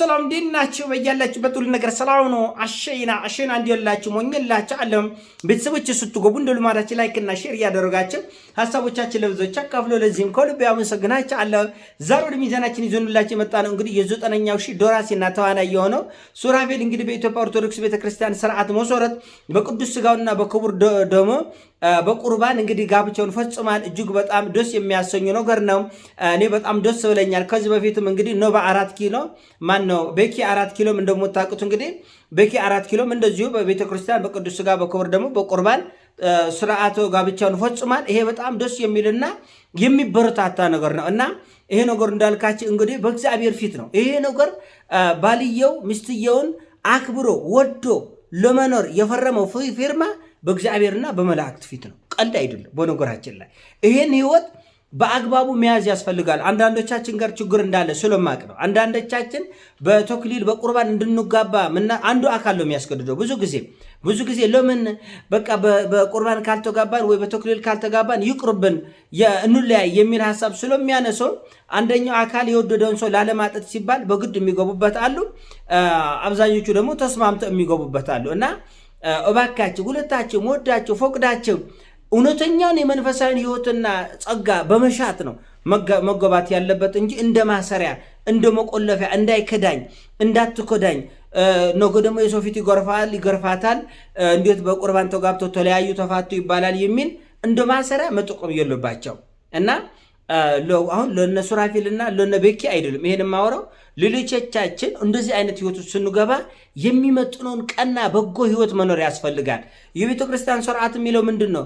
ሰላም እንዴት ናችሁ? በያላችሁበት ሁሉ ነገር ሰላም ነው። አሸይና አሸይና እንዲላችሁ ሞኝላችሁ አለም ቤተሰቦች ስትገቡ እንደ ልማዳችን ላይክ እና ሼር እያደረጋችሁ ሀሳቦቻችን ለብዙዎች አካፍሎ ለዚህም ከልብ ያመሰግናችሁ አለ። ዛሬ ወደ ሚዛናችን ይዞንላችሁ የመጣ ነው እንግዲህ የዘጠነኛው ሺህ ደራሲና ተዋናይ የሆነው ሱራፌል እንግዲህ በኢትዮጵያ ኦርቶዶክስ ቤተክርስቲያን ስርዓት መሰረት በቅዱስ ስጋውና በክቡር ደሞ በቁርባን እንግዲህ ጋብቻውን ፈጽሟል። እጅግ በጣም ደስ የሚያሰኙ ነገር ነው። እኔ በጣም ደስ ብለኛል። ከዚህ በፊትም እንግዲህ ኖባ አራት ኪሎ ማን ነው በኪ አራት ኪሎም እንደምታውቁት እንግዲህ በኪ አራት ኪሎም እንደዚሁ በቤተክርስቲያን በቅዱስ ስጋ በክብር ደግሞ በቁርባን ስርዓቱ ጋብቻውን ፈጽሟል። ይሄ በጣም ደስ የሚልና የሚበረታታ ነገር ነው እና ይሄ ነገር እንዳልካቸው እንግዲህ በእግዚአብሔር ፊት ነው። ይሄ ነገር ባልየው ሚስትየውን አክብሮ ወዶ ለመኖር የፈረመው ፊርማ በእግዚአብሔርና በመላእክት ፊት ነው። ቀልድ አይደለም። በነገራችን ላይ ይሄን ህይወት በአግባቡ መያዝ ያስፈልጋል። አንዳንዶቻችን ጋር ችግር እንዳለ ስለማቅ ነው። አንዳንዶቻችን በተክሊል በቁርባን እንድንጋባ አንዱ አካል ነው የሚያስገድደው። ብዙ ጊዜ ብዙ ጊዜ ለምን በቃ በቁርባን ካልተጋባን ወይ በተክሊል ካልተጋባን ይቅርብን እንለያይ የሚል ሀሳብ ስለሚያነሰው አንደኛው አካል የወደደውን ሰው ላለማጠት ሲባል በግድ የሚገቡበት አሉ። አብዛኞቹ ደግሞ ተስማምተው የሚገቡበት አሉ እና እባካችሁ ሁለታችሁ ወዳችሁ ፈቅዳችሁ እውነተኛውን የመንፈሳዊን ህይወትና ጸጋ በመሻት ነው መገባት ያለበት እንጂ እንደ ማሰሪያ፣ እንደ መቆለፊያ እንዳይከዳኝ፣ እንዳትከዳኝ ነገ ደግሞ የሰው ፊት ይጎርፋል፣ ይገርፋታል፣ እንዴት በቁርባን ተጋብቶ ተለያዩ፣ ተፋቱ ይባላል የሚል እንደ ማሰሪያ መጠቆም የሉባቸው እና አሁን ለነ ሱራፊልና ለነ ቤኪ አይደለም ይሄን የማወራው ሌሎቻችን እንደዚህ አይነት ህይወት ስንገባ የሚመጥነውን ቀና በጎ ህይወት መኖር ያስፈልጋል። የቤተ ክርስቲያን ስርዓት የሚለው ምንድን ነው?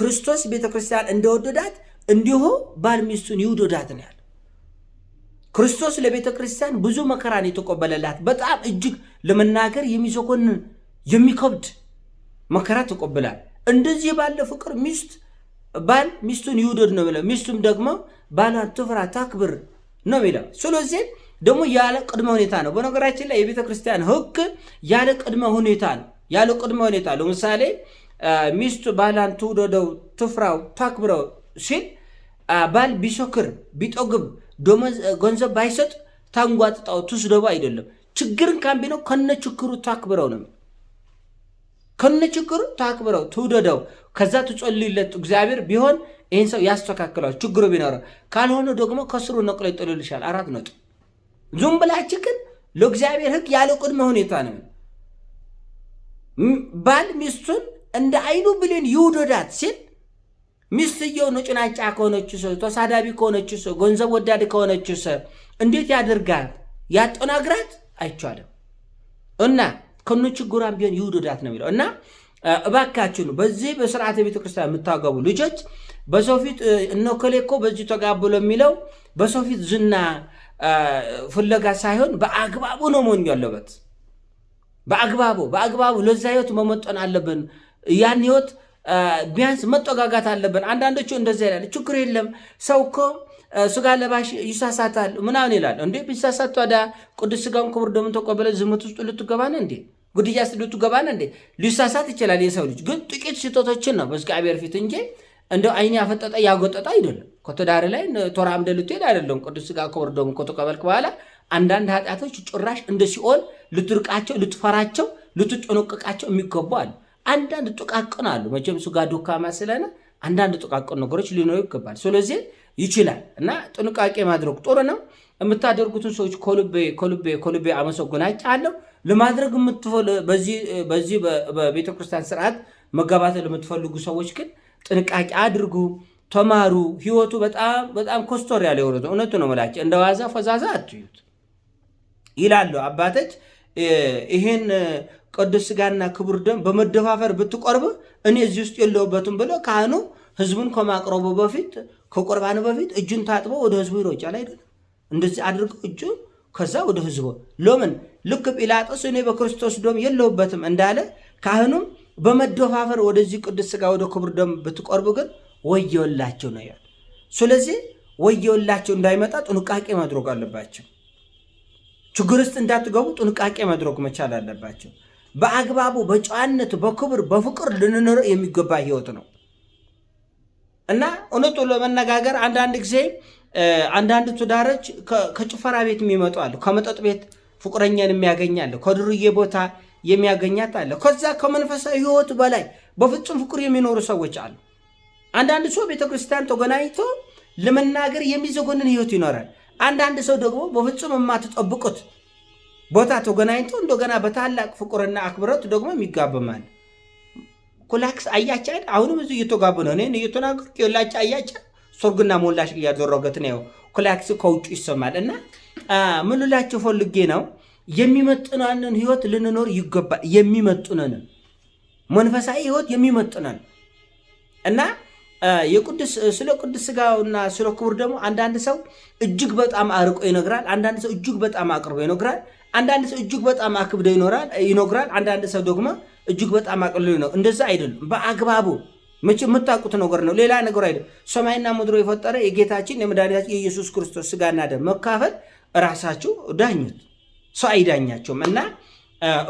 ክርስቶስ ቤተ ክርስቲያን እንደወደዳት እንዲሁ ባል ሚስቱን ይውደዳት ነው ያለ። ክርስቶስ ለቤተ ክርስቲያን ብዙ መከራን የተቆበለላት በጣም እጅግ ለመናገር የሚዘኮንን የሚከብድ መከራ ተቆብላል። እንደዚህ ባለ ፍቅር ሚስት ባል ሚስቱን ይውደድ ነው የሚለው። ሚስቱም ደግሞ ባሏን ትፍራ ታክብር ነው የሚለው። ስለዚህ ደግሞ ያለ ቅድመ ሁኔታ ነው። በነገራችን ላይ የቤተ ክርስቲያን ሕግ ያለ ቅድመ ሁኔታ ነው። ያለ ቅድመ ሁኔታ ለምሳሌ ሚስቱ ባሏን ትውደደው፣ ትፍራው፣ ታክብረው ሲል ባል ቢሰክር፣ ቢጠግብ፣ ገንዘብ ባይሰጥ ታንጓጥጣው፣ ትስደቡ አይደለም። ችግርን ካምቢ ነው ከነ ችግሩ ታክብረው ነው ከነችግሩ ታክብረው ትውደደው፣ ከዛ ትጸልይለት እግዚአብሔር ቢሆን ይህን ሰው ያስተካክለዋል። ችግሩ ቢኖረ ካልሆነ ደግሞ ከስሩ ነቅሎ ይጥልልሻል። አራት ነጥብ። ዙም ብላች ግን ለእግዚአብሔር ሕግ ያለ ቅድመ ሁኔታ ነው። ባል ሚስቱን እንደ አይኑ ብሌን ይውደዳት ሲል ሚስትየው ነጭናጫ ከሆነች ሰው፣ ተሳዳቢ ከሆነች ሰው፣ ገንዘብ ወዳድ ከሆነች ሰው እንዴት ያደርጋል ያጠናግራት አይቻልም እና ከነ ችግሯን ቢሆን ይውደዳት ነው የሚለው እና እባካችሁ ነው በዚህ በስርዓተ ቤተክርስቲያን የምታገቡ ልጆች በሰው ፊት እነኮሌ እኮ በዚህ ተጋብሎ የሚለው በሰው ፊት ዝና ፍለጋ ሳይሆን በአግባቡ ነው መሆን ያለበት። በአግባቡ በአግባቡ ለዛ ህይወት መመጠን አለብን። ያን ህይወት ቢያንስ መጠጋጋት አለብን። አንዳንዶቹ እንደዚ ይላል፣ ችግር የለም ሰው እኮ ስጋ ለባሽ ይሳሳታል ምናምን ይላል። እንዴ ቢሳሳት ታዲያ ቅዱስ ስጋውን ክቡር ደሙን ተቀበለ ዝምት ውስጥ ልትገባ ነው እንዴ? ጉድያ ስልቱ ገባና እንዴ ሊሳሳት ይችላል። የሰው ልጅ ግን ጥቂት ስህተቶችን ነው በእግዚአብሔር ፊት እንጂ እንደው አይን ያፈጠጠ ያጎጠጠ አይደለም። ከትዳር ላይ ቶራ አምደ ልትሄድ አይደለም። ቅዱስ ሥጋ ከወር ደሙን ከተቀበልክ በኋላ አንዳንድ ኃጢአቶች ጭራሽ እንደ ሲኦል ልትርቃቸው፣ ልትፈራቸው፣ ልትጨነቅቃቸው የሚገቡ አሉ። አንዳንድ ጥቃቅን አሉ። መቼም ሥጋ ዶካማ ስለሆነ አንዳንድ ጥቃቅን ነገሮች ሊኖሩ ይገባል። ስለዚህ ይችላል እና ጥንቃቄ ማድረግ ጥሩ ነው። የምታደርጉትን ሰዎች ከልቤ ከልቤ ከልቤ አመሰግናችኋለሁ። ለማድረግ በዚህ በቤተ ክርስቲያን ስርዓት መጋባት ለምትፈልጉ ሰዎች ግን ጥንቃቄ አድርጉ፣ ተማሩ። ህይወቱ በጣም በጣም ኮስቶር ያለ የሆነ እውነቱ ነው። መላቸው እንደ ዋዛ ፈዛዛ አትዩት ይላሉ አባቶች። ይህን ቅዱስ ስጋና ክቡር ደም በመደፋፈር ብትቆርብ እኔ እዚህ ውስጥ የለውበትም ብሎ ካህኑ ህዝቡን ከማቅረቡ በፊት ከቁርባኑ በፊት እጁን ታጥቦ ወደ ህዝቡ ይሮጫል አይደለም። እንደዚህ አድርገው እጁን ከዛ ወደ ህዝቡ ሎምን ልክ ጲላጦስ እኔ በክርስቶስ ደም የለውበትም እንዳለ ካህኑም በመደፋፈር ወደዚህ ቅዱስ ስጋ ወደ ክቡር ደም ብትቆርቡ ግን ወየውላቸው ነው ያሉ። ስለዚህ ወየውላቸው እንዳይመጣ ጥንቃቄ ማድረግ አለባቸው። ችግር ውስጥ እንዳትገቡ ጥንቃቄ ማድረግ መቻል አለባቸው። በአግባቡ በጨዋነቱ በክብር በፍቅር ልንኖረው የሚገባ ህይወት ነው። እና እውነቱ ለመነጋገር አንዳንድ ጊዜ አንዳንድ ትዳሮች ከጭፈራ ቤት የሚመጡ አሉ። ከመጠጥ ቤት ፍቅረኛን የሚያገኛለ፣ ከዱርዬ ቦታ የሚያገኛት አለ። ከዛ ከመንፈሳዊ ሕይወት በላይ በፍጹም ፍቅር የሚኖሩ ሰዎች አሉ። አንዳንድ ሰው ቤተክርስቲያን ተገናኝቶ ለመናገር የሚዘጎንን ሕይወት ይኖራል። አንዳንድ ሰው ደግሞ በፍጹም የማትጠብቁት ቦታ ተገናኝቶ እንደገና በታላቅ ፍቅርና አክብረት ደግሞ የሚጋበማል። ኮላክስ አያቻ አሁንም እዚ እየተጋቡ ነው። እኔ እየተናገሩ ላጭ አያቻ ሶርግና ሞላሽ እያዘረገት ነው። ኮላክስ ከውጭ ይሰማል እና ምሉላቸው ፈልጌ ነው የሚመጥናንን ህይወት ልንኖር ይገባል። የሚመጥነንን መንፈሳዊ ህይወት የሚመጥነን እና የቅዱስ ስለ ቅዱስ ስጋውና ስለ ክቡር ደግሞ አንዳንድ ሰው እጅግ በጣም አርቆ ይነግራል። አንዳንድ ሰው እጅግ በጣም አቅርቦ ይነግራል። አንዳንድ ሰው እጅግ በጣም አክብዶ ይኖራል ይኖግራል። አንዳንድ ሰው ደግሞ እጅግ በጣም አቅልሎ ነው። እንደዛ አይደሉም። በአግባቡ መቼ የምታውቁት ነገር ነው። ሌላ ነገር አይደለም። ሰማይና ምድሮ የፈጠረ የጌታችን የመድኃኒታችን የኢየሱስ ክርስቶስ ስጋና ደም መካፈል ራሳችሁ ዳኙት። ሰው አይዳኛቸውም እና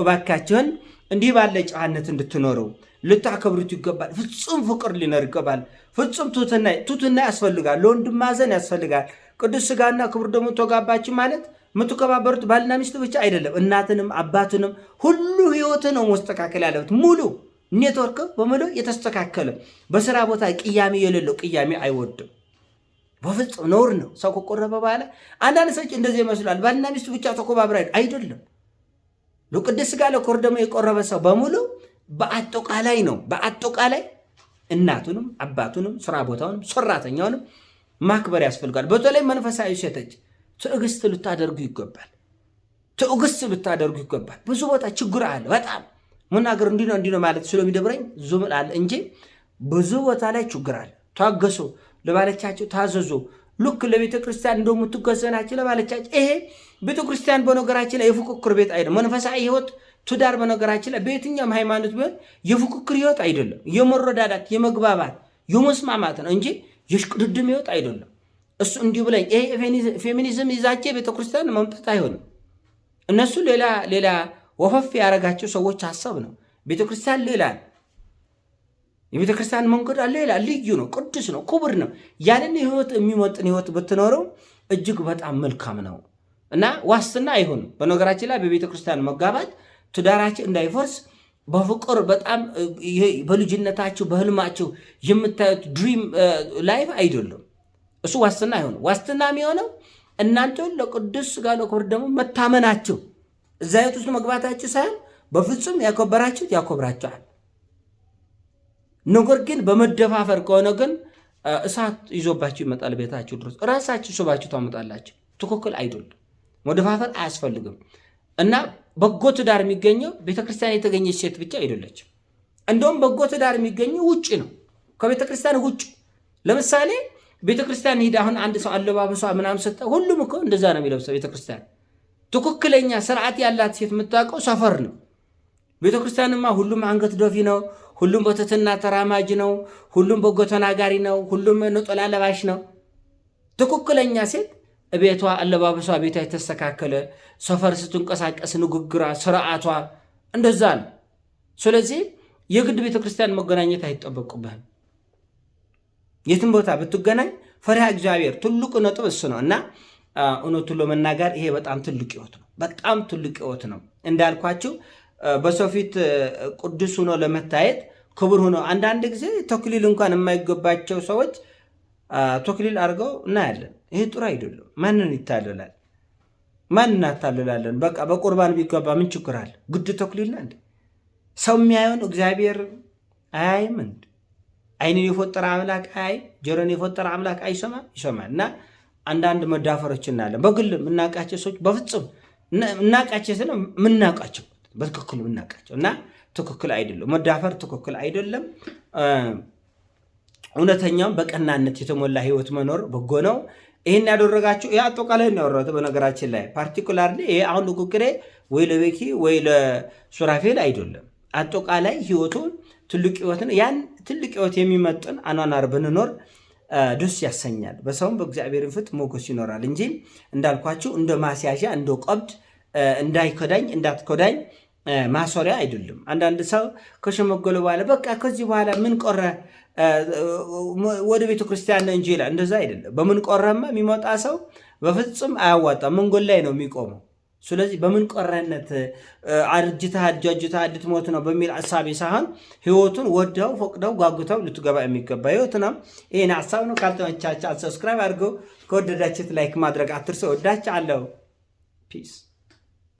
እባካችሁን እንዲህ ባለ ጨዋነት እንድትኖረው ልታከብሩት ይገባል። ፍጹም ፍቅር ሊኖር ይገባል። ፍጹም ትህትና ያስፈልጋል። ለወንድም ማዘን ያስፈልጋል። ቅዱስ ስጋና ክቡር ደግሞ ተጋባችን ማለት የምትከባበሩት ባልና ሚስቱ ብቻ አይደለም፣ እናትንም አባትንም ሁሉ ህይወት ነው መስተካከል ያለበት ሙሉ ኔትወርክ በሙሉ የተስተካከለ በስራ ቦታ ቅያሜ የሌለው ቅያሜ አይወድም። በፍጹም ነውር ነው። ሰው ከቆረበ በኋላ አንዳንድ ሰዎች እንደዚህ ይመስላል። ባልና ሚስቱ ብቻ ተኮባብረ አይደለም። ለቅድስት ሥጋ ለኮርደሞ የቆረበ ሰው በሙሉ በአጠቃላይ ነው። በአጠቃላይ እናቱንም አባቱንም ስራ ቦታውንም ሰራተኛውንም ማክበር ያስፈልጋል። በተለይ መንፈሳዊ ሴቶች ትዕግስት ልታደርጉ ይገባል። ትዕግስት ልታደርጉ ይገባል። ብዙ ቦታ ችግር አለ። በጣም መናገር እንዲህ ነው እንዲህ ነው ማለት ስለሚደብረኝ ዙም እላለሁ እንጂ ብዙ ቦታ ላይ ችግር አለ። ታገሱ፣ ለባለቻቸው ታዘዙ። ልክ ለቤተ ክርስቲያን እንደምትገዘናቸው ለባለቻቸው። ይሄ ቤተ ክርስቲያን በነገራችን ላይ የፉክክር ቤት አይደለም። መንፈሳዊ ህይወት ትዳር በነገራችን ላይ በየትኛውም ሃይማኖት ቢሆን የፉክክር ህይወት አይደለም። የመረዳዳት የመግባባት የመስማማት ነው እንጂ የሽቅድድም ህይወት አይደለም። እሱ እንዲሁ ብለኝ ይሄ ፌሚኒዝም ይዛቼ ቤተክርስቲያን መምጣት አይሆንም። እነሱ ሌላ ሌላ ወፈፍ ያደረጋቸው ሰዎች ሀሳብ ነው። ቤተክርስቲያን ሌላ የቤተክርስቲያን መንገድ ሌላ ልዩ ነው፣ ቅዱስ ነው፣ ክቡር ነው። ያንን ህይወት የሚመጥን ህይወት ብትኖረው እጅግ በጣም መልካም ነው እና ዋስትና አይሆንም። በነገራችን ላይ በቤተክርስቲያን መጋባት ትዳራችን እንዳይፈርስ በፍቅር በጣም በልጅነታችሁ በህልማችሁ የምታዩት ድሪም ላይፍ አይደለም። እሱ ዋስትና አይሆንም። ዋስትና የሚሆነው እናንተ ለቅዱስ ሥጋ ለክብር ደግሞ መታመናችሁ እዛ ሕይወት ውስጥ መግባታችሁ ሳይሆን በፍጹም ያከበራችሁት ያከብራችኋል። ነገር ግን በመደፋፈር ከሆነ ግን እሳት ይዞባችሁ ይመጣል። ቤታችሁ ድረስ ራሳችሁ ስባችሁ ታመጣላችሁ። ትክክል አይደለም። መደፋፈር አያስፈልግም እና በጎ ትዳር የሚገኘው ቤተክርስቲያን የተገኘች ሴት ብቻ አይደለችም። እንደውም በጎ ትዳር የሚገኘው ውጭ ነው፣ ከቤተክርስቲያን ውጭ ለምሳሌ ቤተክርስቲያን ሄድ አሁን አንድ ሰው አለባበሷ ምናምን ሰጠ። ሁሉም እኮ እንደዛ ነው የሚለብሰው ቤተክርስቲያን። ትክክለኛ ስርዓት ያላት ሴት የምታውቀው ሰፈር ነው። ቤተክርስቲያንማ ሁሉም አንገት ዶፊ ነው። ሁሉም በትህትና ተራማጅ ነው። ሁሉም በጎ ተናጋሪ ነው። ሁሉም ነጠላ ለባሽ ነው። ትክክለኛ ሴት ቤቷ፣ አለባበሷ፣ ቤቷ የተስተካከለ ሰፈር ስትንቀሳቀስ ንግግሯ፣ ስርዓቷ እንደዛ ነው። ስለዚህ የግድ ቤተክርስቲያን መገናኘት አይጠበቅብህም። የትም ቦታ ብትገናኝ ፈሪሃ እግዚአብሔር ትልቁ ነጥብ እሱ ነው እና እውነቱን ለመናገር ይሄ በጣም ትልቅ ህይወት ነው። በጣም ትልቅ ህይወት ነው እንዳልኳችሁ በሰው ፊት ቅዱስ ሆኖ ለመታየት ክቡር ሆኖ አንዳንድ ጊዜ ተክሊል እንኳን የማይገባቸው ሰዎች ተክሊል አድርገው እናያለን። ይሄ ጥሩ አይደለም። ማንን ይታልላል? ማን እናታልላለን? በቃ በቁርባን ቢገባ ምን ችግር አለ? ግድ ተክሊል ሰው የሚያየውን እግዚአብሔር አያይም እንዴ? አይንን የፈጠረ አምላክ አይ፣ ጆሮን የፈጠረ አምላክ አይ፣ አይሰማ ይሰማል። እና አንዳንድ መዳፈሮች እናለን በግል የምናውቃቸው ሰዎች በፍጹም እናውቃቸው ስለ የምናውቃቸው በትክክል የምናውቃቸው እና ትክክል አይደለም። መዳፈር ትክክል አይደለም። እውነተኛውም በቀናነት የተሞላ ህይወት መኖር በጎ ነው። ይህን ያደረጋችሁ ይህ አጠቃላይ ያወራሁት በነገራችን ላይ ፓርቲኩላር ይሄ አሁን ንግግሬ ወይ ለቤኪ ወይ ለሱራፌል አይደለም። አጠቃላይ ህይወቱን ትልቅ ህይወት ነው። ያን ትልቅ ህይወት የሚመጥን አኗኗር ብንኖር ደስ ያሰኛል። በሰውም በእግዚአብሔር ፊት ሞገስ ይኖራል እንጂ እንዳልኳችሁ እንደ ማስያዣ፣ እንደ ቀብድ እንዳይከዳኝ እንዳትከዳኝ ማሶሪያ አይደለም። አንዳንድ ሰው ከሸመገለ በኋላ በቃ ከዚህ በኋላ ምን ቆረ ወደ ቤተ ክርስቲያን እንጂ ይላል። እንደዛ አይደለም። በምን ቆረማ የሚመጣ ሰው በፍጹም አያዋጣም። መንገድ ላይ ነው የሚቆመው። ስለዚህ በምን ቆረነት አርጅተህ አጃጅተህ ልትሞት ነው በሚል አሳቤ ሳይሆን ህይወቱን ወደው ፈቅደው ጓጉተው ልትገባ የሚገባ ህይወት ህይወትናም ይህን ሀሳብ ነው። ካልተመቻቸ ሰብስክራይብ አድርገው ከወደዳችት ላይክ ማድረግ አትርሰ ወዳች አለው ፒስ